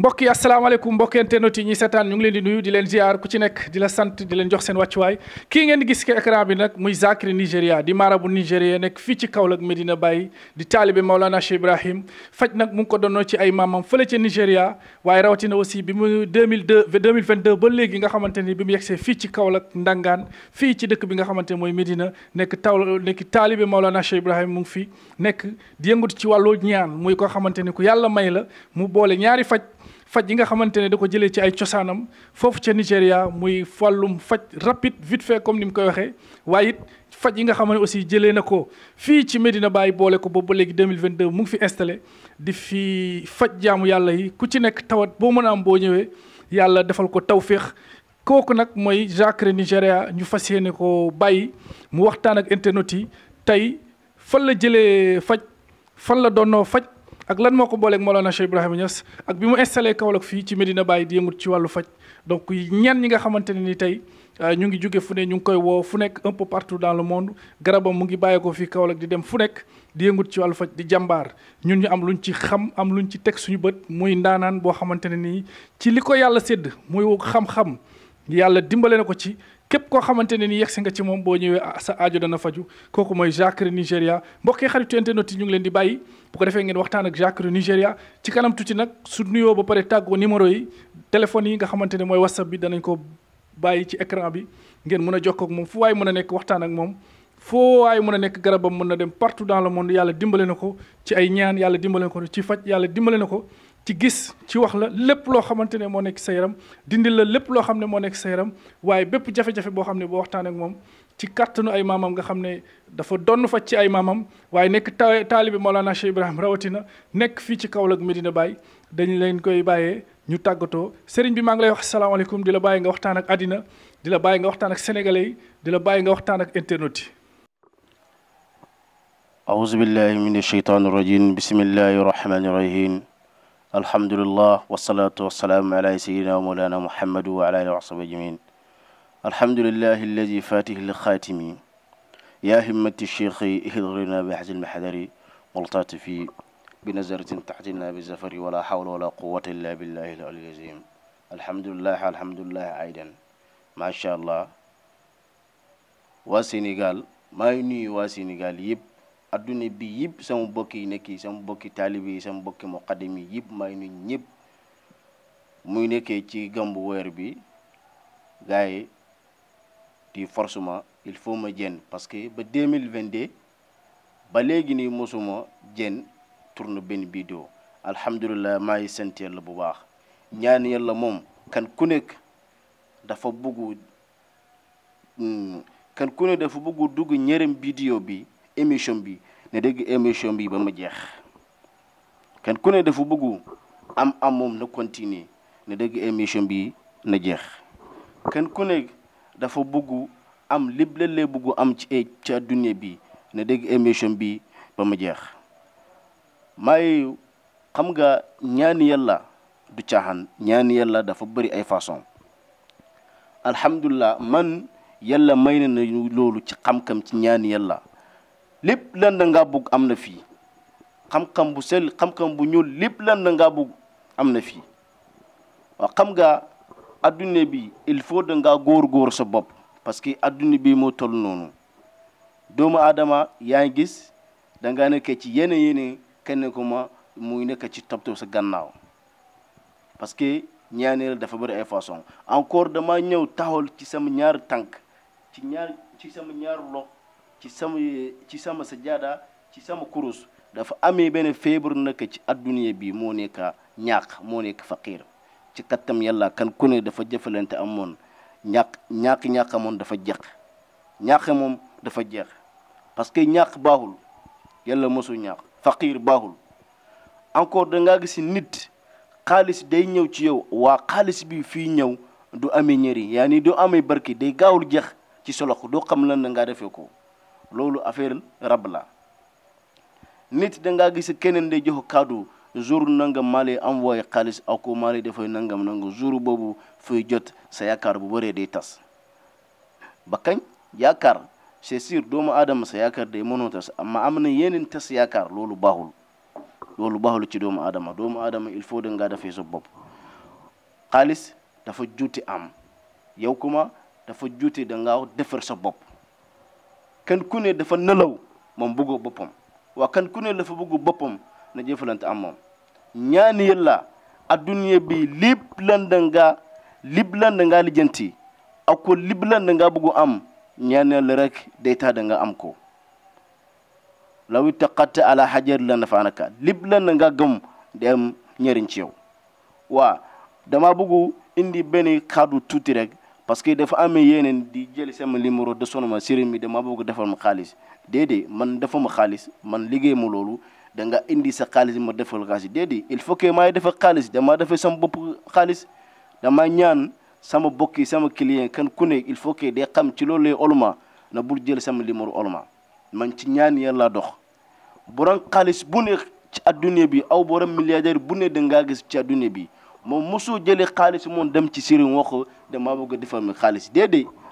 mbokk yi asalaamaaleykum mbokk internet yi ñi seetaan ñu ngi leen di nuyu di leen ziar ku ci nekk di la sant di leen jox seen wàccuwaay kii ngeen di gis ki écran bi nag muy Zakri Nigéria di maarabu Nigéria nekk fii ci Kaolack Medina Baye di mu ngi ko donnoo ci ay maamam fële ca Nigéria waaye rawatina aussi bi mu 2002 2022 ba léegi nga xamante ni bi mu yegsee fii ci Kaolack Ndangaan fii ci dëkk bi nga xamante ni mooy médina nekk taw nekk taalibe Maolana Cheikh Ibrahim mu ngi fi nekk di yëngatu ci wàllu ñaan muy koo xamante ni ku yàlla may la mu boole ñaari faj faj yi nga xamante ne da ko jëlee ci ay cosaanam foofu ca Nigéria muy fàllum faj rapide vite fait comme ni mu koy waxee waaye faj yi nga xam ne aussi jëlee na ko fii ci Medina Baye boole ko boobu ba léegi 2022 mu ngi fi installé di fii faj jaamu yàlla yi ku ci nekk tawat boo mën a am boo ñëwee yàlla defal ko tawféex kooku nag mooy Jacques Nigéria ñu fas yéene ko bàyyi mu waxtaan ak internet yi tey fan la jëlee faj fan la doonoo faj. ak lan moo ko booleeg Mawlana a Ibrahima Niass ak bi mu installé Kaolack fii ci Medina bàyyi di yëngut ci wàllu faj donc ñenn ñi nga xamante ne ni tey euh, ñu ngi jóge fu ne ñu ngi koy woo fu nekk un peu partout dans le monde garabam mu ngi bàyyeekoo fii Kaolack di dem fu nekk di yëngut ci wàllu faj di jàmbaar ñu ñu am lu ñu ci xam am lu ñu ci teg suñu bët muy ndaanaan boo xamante ne nii ci li ko yàlla sédd muy xam-xam yàlla dimbale na ko ci képp koo xamante ne ni yegsi nga ci moom boo ñëwee ah, sa ajo dana faju kooku mooy Jacques Nigéria mbokkee xaritu internet yi ñu ngi leen di bàyyi bu ko defee ngeen waxtaan ak Jacques Nigéria ci kanam tuuti nag su nuyoo ba pare tàggoo numéro yi téléphone yi nga xamante ne mooy whatsapp bi danañ ko bàyyi ci écran bi ngeen mën a jokkoo ak moom fu waay mën a nekk waxtaan ak moom foo waay mën a nekk garabam mën na dem partout dans le monde yàlla dimbale na ko ci ay ñaan yàlla dimbale na ko ci faj yàlla dimbale na ko ci gis ci wax la lépp loo xamante ne moo nekk sa yaram dindi la lépp loo xam ne moo nekk sa yaram waaye bépp jafe-jafe boo xam ne boo waxtaan ak moom ci kàttanu ay maamam nga xam ne dafa donn fa ci ay maamam waaye nekk ta taalibi Mawlana Cheikh Ibrahima rawatina nekk fii ci Kaolack Medina Baye dañu leen koy bàyyee ñu tàggatoo sëriñ bi maa ngi lay wax asalaamaaleykum di la bàyyi nga waxtaan ak àddina di la bàyyi nga waxtaan ak sénégalais yi di la bàyyi nga waxtaan ak internautes yi aouzu billahi min asheytaan irrajim bismillahi rahmani rahim alhamdulillah wasalaatu wasalaamu ala sayyidina wa mawlana muhammad wa ala alihi wa sahbihi ajmain alhamdulillahi alladi fatihi lxaatimi yaa himmati cheikhi ihdurina bi hasil mahadari waltatifi bi nazaratin tahtina bi zafari wala hawla wala quwwata illa billahi al aliyyil azim alhamdulilah alhamdulilah aydan macha allah waa Sénégal maa ngi nuyu waa Sénégal yëpp adduna bi yëpp sama mbokk yi nekk yi sama mbokki taalibe yi sama mbokki muqaddim yi yëpp may nu ñëpp muy nekkee ci gambu weer bi gars yi di forcément il faut ma jenn parce que ba mille vingt de ba léegi ni mosuma jenn tourne benn vidéo alhamdulilah maa ngi sant yàlla bu baax ñaan yàlla moom kan ku nekk dafa bëgg hmm, kan ku dafa bëgg dugg ñërëm vidéo bi émission bi na dégg émission bi ba ma jeex kenn ku ne dafa bëggu am am moom na dégg émission bi na jeex kenn ku dafa bëggu am lépp la bëggu am ci ci adduna bi na dégg émission bi ba ma jeex may xam nga ñaani yàlla du caaxaan ñaani yàlla dafa bari ay façon alhamdulilah man yàlla may na nañu loolu ci xam-xam ci ñaani yàlla lépp lënd nga bugg am na fii xam-xam bu sel xam-xam bu ñuul lépp lënd nga bugg am na fii waaw xam nga adduna bi il faut da ngaa góor-góor sa bopp parce que adduna bi moo toll noonu doomu aadama yaa ngi gis da ne nekk ci yenn yenn kenn ku ma muy nekk ci toppatoo sa gannaaw parce que ñaaneel dafa bëri ay façon encore dama ñëw taxawal ci sama ñaari tànk ci ñaar sama ñaar loxo ci sama ci sama sajjaada ci sama kurus dafa amee benn feebar naka ci adduniya bi moo nekk ñàkk moo nekk faqiir ci kattam yàlla kan ku ne dafa jëfalante amoon ñàkk ñàkk ñàkk amoon dafa jeex ñàkk moom dafa jeex parce que ñàkk baaxul yàlla mosu ñàkk faqiir baaxul encore da ngaa gis nit xaalis day ñëw ci yow waa xaalis bi fii ñëw du amee ñëri yaa ni du amee barki day gaawul jeex ci solox doo xam lan la ngaa defee ko loolu affaire rab la nit da ngaa gis keneen day jox cadeau jour nangam maa lay envoyé xaalis ak maa lay dafay nangam nangam juru boobu fay jot sa yaakaar bu bëree day tas ba kañ yaakaar c'est doomu aadama sa yaakaar day mënoo tas amma am na yeneen tas yaakaar loolu baaxul loolu baaxul ci doomu aadama doomu aadama il faut da ngaa dafay sa bopp xaalis dafa juuti am yow kuma dafa juuti da ngaa defar sa bopp. kan ku dafa nelaw moom bëggu boppam waa kan ku ne dafa bëggu boppam na jëfalante am moom ñaani yàlla adduniya bi lépp landa nga lépp landa ngaa lijjanti ak ko am ñaani yàlla rek day taa da am ko law ittaqatta ala hajar la nafaanaka lépp landa ngaa gëm di ci yow waa dama bëggu indi benn kàddu tuuti rek parce que dafa amee yeneen di jël sama numéro de ma sëriñ mi dama bëgg defal ma xaalis déedéet man dafa ma xaalis man liggéey ma loolu da nga indi sa xaalis ma defal xaalis déedéet il faut que maay defal xaalis dama defe sama bopp xaalis dama ñaan sama bokki sama client kan ku ne il faut que day xam ci loolu lay na bul jël sama numéro olma man ci ñaan yàlla dox borom xaalis bu ne ci adduna bi aw borom milliardaire bu ne ngaa gis ci adduna bi moom mosoo jëlee xaalis moon dem ci sëriñ wax ko damaa bëgg a defal ma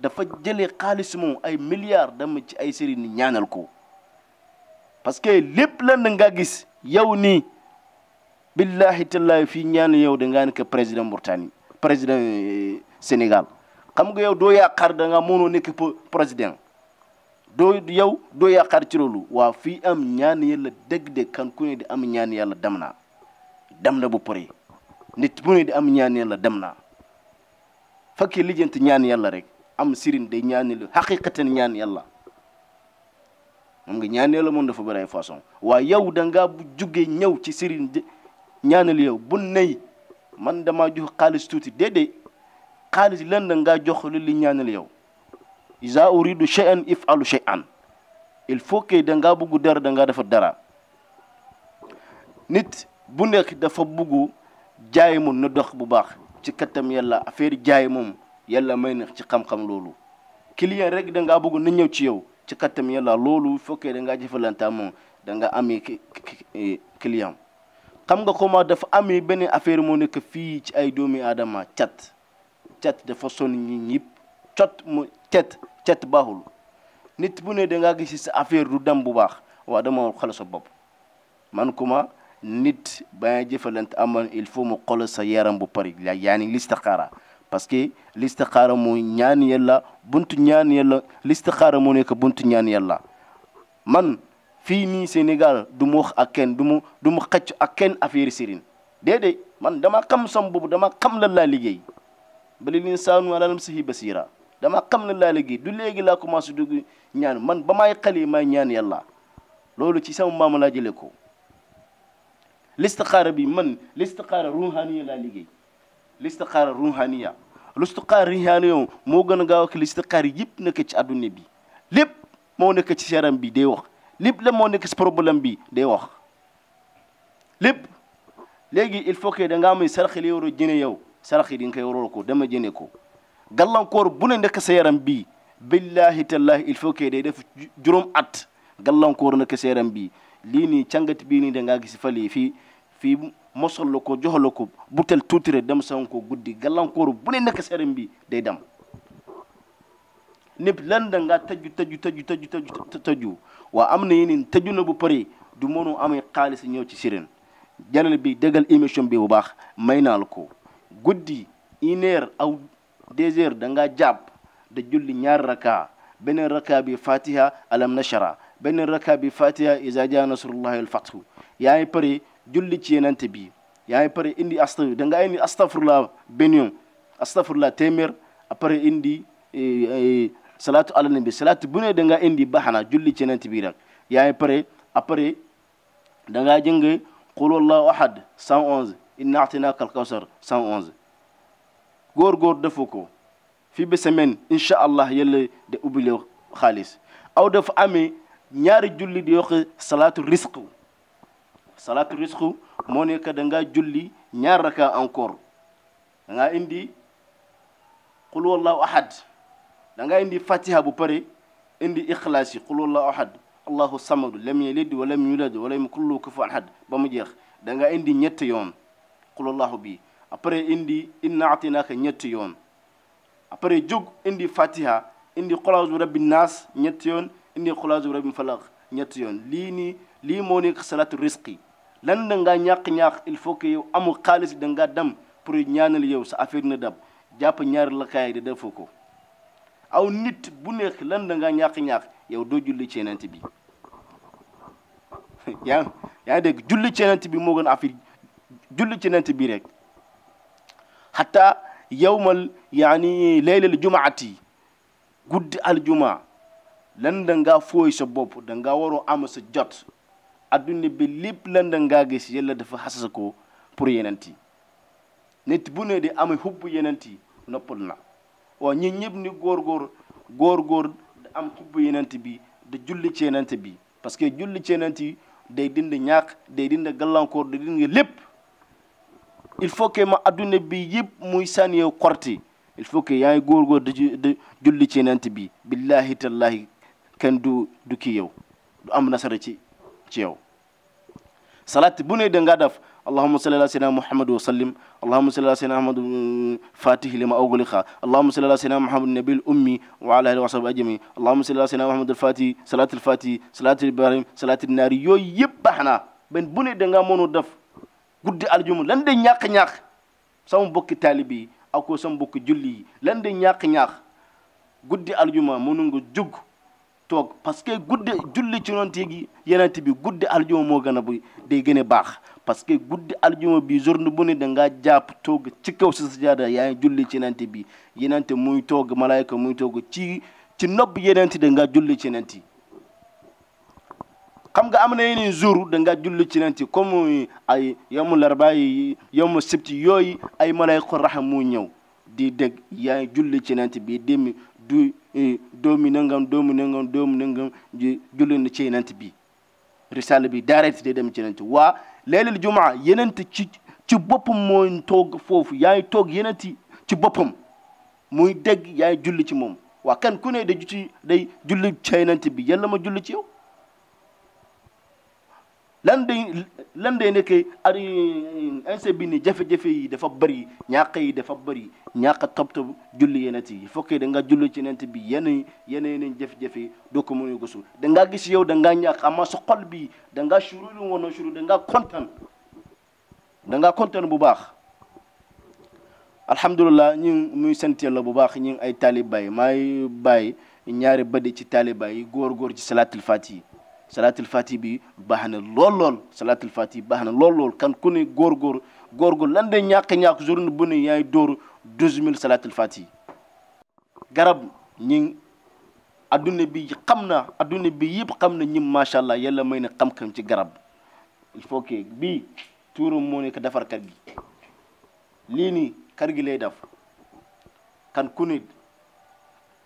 dafa jëlee xaalis moom ay milliards dem ci ay sëriñ ni ñaanal ko parce que lépp lan nga gis yow nii billahi tallahi fii ñaan yow da ngaa nekk président Mauritanie président euh, Sénégal xam nga yow doo yaakaar da nga mënoo nekk président doo yow doo yaakaar ci loolu waaw fii am ñaan yàlla dégg de kan ku di am ñaan yàlla dem na dem na bu pare nit mu de am ñaan yàlla dem naa fakkee lijjanti ñaan yàlla rek am sirin day ñaan yàlla xaqiqatan ñaan yàlla moom nga ñaan yàlla moom dafa bëri ay façon waaye yow da bu jugee ñëw ci sirin ñaanal yow bu man dama jox xaalis tuuti déedéet xaalis lan da ngaa jox li ñaanal yow iza uridu shay'an if'alu shay'an il faut que da ngaa bugg dara da ngaa dafa dara nit bu nekk dafa bugg jaay moom na dox bu baax ci kattam yàlla affaire jaay moom yalla may na ci xam-xam loolu client rek da ngaa bëgg na ñëw ci yow ci kattam yàlla loolu fekkee da ngaa jëfalante moom da nga amee client xam nga comment dafa amee benn affaire moo nekk fii ci ay doomi aadama cat cat dafa son ñi ñëpp cat mu cet cat baaxul nit bu ne da ngaa gis sa affaire du dem bu baax waa dama xala sa bopp man kuma nit ba jëfalante amoon il faut mu xoolal sa yaram bu pari yaani listixaara parce que listixaara mooy ñaan yàlla buntu ñaan yàlla listixaara moo nekk buntu ñaan yàlla man fii nii Sénégal du mu wax ak kenn du mu du mu xëcc ak kenn affaire sëriñ déedéet man dama xam sam boobu dama xam lan laa liggéey balil insaanu alaa nafsihi basiira dama xam lan laa liggéey du léegi laa commencé dugg ñaan man ba maay xale maay ñaan loolu ci sama maam laa jëlee ko. listixaara bi man listixaara ruhaniya laa liggéey listixaara ruhaniya listixaara ruhaniya moo gën a gaaw ak listixaar yëpp nekk ci adduna bi lépp moo nekk ci seeram bi day wax lépp la moo nekk ci problème bi day wax lépp léegi il faut que da ngaa may sarax li war a yow sarax yi di nga koy waroo ko dama jëne ko gàllankoor bu ne nekk sa yaram bi billahi tallahi il faut que day def juróom at gàllankoor na sa yaram bi lii nii càngat bii nii da gis fal yi fii fii mosol la ko jox la ko butel tuuti rek dem san ko guddi gàllankooru bu ne nekk seram bi day dem lépp lan danga ngaa tëju tëju tëju tëju tëju tëju waa am na yeneen tëju na bu pare du mënu amee xaalis ñëw ci sireen jalal bi déggal émission bi bu baax may naa la ko guddi une heure aw deux heures da ngaa jàpp da julli ñaar raka beneen raka bi fatiha alam nashara benn rakka bi fatiha iza jaa nasrullahi wal fathu yaa ngi pare julli ci yenante bi yaa ngi pare indi asta da nga indi astafurlah benn yoon astafurlah téeméer après indi eh, eh, salatu ala nabi salatu bu ne da indi baxana julli ci yenante bi rek yaa ngi pare après da ngaa jënge qul wallahu ahad 111 inna atinaka alkawsar 111 góor góor defu ko fii ba semaine incha allah yàlla de ubbi la aw dafa amee ñaari julli di wax salaatu risk salaatu risqu moo nekk da ngaa julli ñaar raka encore da indi qul wallahu ahad danga indi fatiha bu pare indi ikhlaas yi qul wallahu ahad allahu samadu lam yalid wa lam yulad wa lam yakun lahu ba mu jeex danga indi ñetti yoon qul wallahu bi après indi inna atinaaka ñetti yoon après jóg indi fatiha indi qul a'udhu bi naas ñetti yoon inni xulaasu bi rabbil ñett yoon lii nii lii moo nekk salaatu risqi lan da ngaa ñàq il faut que amul xaalis da ngaa dem ñaanal yow sa affaire na dab jàpp ñaar lakaay de defoo ko aw nit bu nekk lan da ngaa ñàq-ñàq yow doo julli ceenante bi yaa yaa ngi dégg julli ceenante bi moo gën affaire julli ceenante bi rek xataa yowmal yaani leylal jumaati guddi al lëndën ngaa fooy sa bopp dangaa waroo am sa jot adduna bi lépp lëndën ngaa gis yàlla dafa xasasa ko pour yenent yi nit bu ne di amee xubb yenent yi noppal na waaw ñi ñëpp ni góor góor góor góor da am xubb yenent bi da julli ci bi parce que julli ci yenent yi day dind ñàkk day dind gàllankoor day dind lépp il faut ma adduna bi yëpp muy sànni korti il faut que yaa ngi da julli ci bi billahi tallahi kenn du du kii yow du am nasara ci ci yow salaat bu ne da ngaa def allahuma salli ala sayyidina muhammad wa sallim allahuma salli ala sayyidina ahmad fatihi lima awgaliqa allahuma salli ala sayyidina muhammad nabil ummi wa ala alihi wa sahbi ajmain allahuma salli ala sayyidina muhammad alfatihi salaat alfatihi salaat ibrahim salaat naari yooyu yëpp baax naa benn bu ne da ngaa mënu def guddi aljuma lan de ñàq-ñàq sama mbokki taalibi yi ak ko sama mbokki julli yi lan de ñàq-ñàq guddi aljuma mënu nga jug toog parce que guddi julli ci yonent gi yonent bi guddi aljuma moo gën a bu day gën a baax parce que guddi aljuma bi journée bu ne da ngaa jàpp toog ci kaw sa sajaada yaa ngi julli ci bi yonent muy toog malaayka muy toog ci ci nopp yonent da ngaa julli ci yonent xam nga am nay yeneen jour da nga julli ci nanti comme ay yomu larba yi yomu yooyu ay malayka raxam mu ñëw di dégg yaa julli ci nanti bi dem du E doomi nangam doomi nangam doomi nangam ji julli na ci yenent bi risale bi direct de dem ci yenent waa leelal jumaa yenent ci ci boppam mooy toog foofu yaay toog yenent ci boppam muy dégg yaay julli ci moom waa kan ku ne day day julli ci yenent bi yàlla ma julli ci yow lan day lan day nekkee ari instant bi ni jafe-jafe yi dafa bëri ñàkk yi dafa bëri ñàkk a topp julli yenent yi fokkee da nga julli ci yenent bi yenn yeneen jafe-jafe doo ko mën a gisul da ngaa gis yow da ngaa ñàkk ama sa xol bi da ngaa suru lu woon suru da ngaa kontaan da ngaa kontaan bu baax alhamdulilah ñu muy sant yàlla bu baax ñu ay taalibaay maay bàyyi ñaari badi ci taalibaay yi góor-góor ci salaatul faati yi salaatul faati bi baax na lool lool salaatul bi baax na lool lool kan ku ne góorgóor góorgóor lan day ñàkk-ñàkk journée bu ne yaay dóor douze mille salaatul faati garab ñi adduna bi xam na adduna bi yëpp xam na ñim macha allah yàlla may na xam-xam ci garab il faut que bii tuuram moo nekk defar kër gi lii nii kër gi lay def kan ku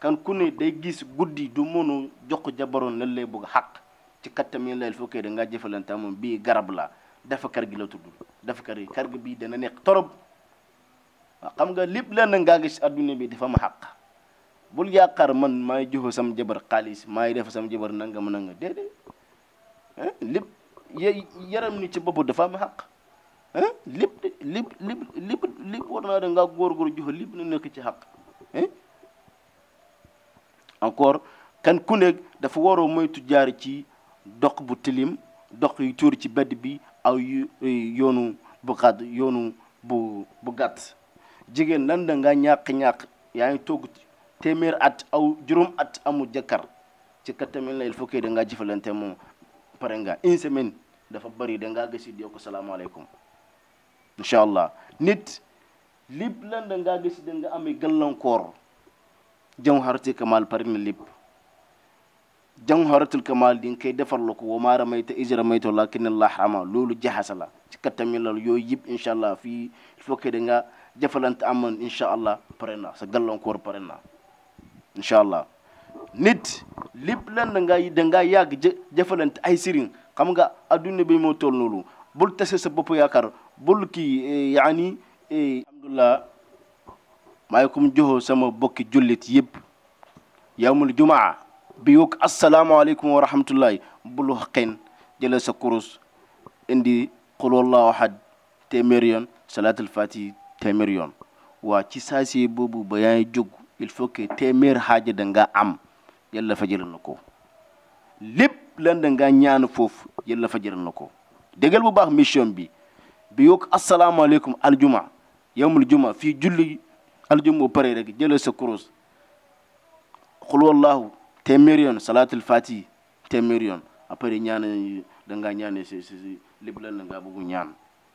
kan ku ne day gis guddi du mënu jox jabaroon lan lay bëgg xaq ci kattam yéen lay fukkee da ngaa jëfalante moom bii garab la dafa kar gi la tudd dafa kar gi kar bii dana nekk torop waaw xam nga lépp lenn ngaa gis adduna bi dafa ma xàq bul yaakaar man maay joxe sam jabar xaalis maay def sam jabar nanga ma nanga déedéet lépp yaram ni ci bopp dafa am xàq lépp lépp lépp lépp lépp war naa da ngaa lépp na nekk ci xàq encore kan ku dafa waroo moytu jaar ci doq bu tilim doq yu tuur ci bedd bi aw eh, yoonu bu xadd yoonu bu bu gàtt jigéen lan da nga ñàkk-ñàkk yaa ngi togg téeméer at aw juróom at amul jëkkër ci kattamin layil fokkee da ngaa jëfalante moom pare nga une semaine dafa bëri da ngaa gësit yow ko salaamaaleykum incha allah nit lépp lan da ngaa gësit da nga amee gàllankoor jawharati kamal pare na lépp jawharatul kamal din nga koy defar la ko ma maa ramayta iz ramayta walakinna Allaahu rama loolu jaxasa la ci kattan mi loolu yooyu yëpp incha allah fii fokkee da nga jëfalante incha allah pare na sa gàllankoor pare na incha allah nit lépp lan da ngaa da ay sëriñ xam nga adduna bi moo toll noonu bul tase sa bopp yaakaar bul kii e, yaani e, alhamdulillah maa ngi ko sama bokki jullit yëpp yawmul jumaa biyu asalaamaaleykum wa rahmatullahi bul xaqin jëlee sa kurus indi qul wallahu ahad téeméeri yoon salaatul fatihi téeméeri yoon waa ci saasi boobu ba yaa jóg il faut que xaaja da am yàlla fa na ko lépp lan da nga ñaan foofu yàlla fa jëral na ko déggal bu baax mission bi bi yokk asalaamaaleykum aljuma yowmul juma fii julli aljuma bu pare rek jëlee sa kurus qul wallahu téeméer yoon salaatul fatihi téeméer yoon après ñaan da ngaa ñaanee si si lépp lan la ngaa bëgg ñaan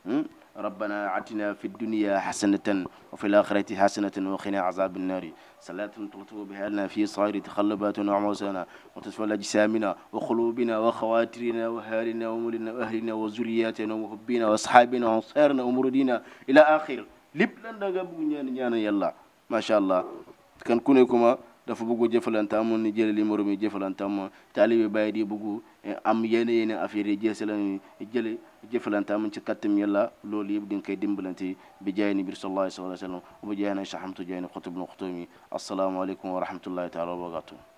hmm? rabbana atina fi dunya hasanatan wa fi l-akhirati hasanatan wa qina azab an-nari salatun turtubu biha lana fi sa'iri takhallabatuna wa mawsana wa tasfal ajsamina wa qulubina wa khawatirina wa halina wa mulina wa ahlina wa zuriyatina wa hubbina wa ashabina wa ansarina wa muridina ila akhir lépp lan da nga bëgg ñaan ñaan yàlla macha allah kan ku ne kuma dafa bëgg jëfalante am ni jëlee li moroom yi jëfalante am taalibe Baay di bëgg am yenn yenn affaire yi jël si la jëlee jëfalante am ci kattam yàlla loolu yëpp di nga koy dimbalante bi jaay ni biir sallallahu alayhi wa sallam bu jaay na sahamtu jaay ni xutub na xutum yi asalaamaaleykum wa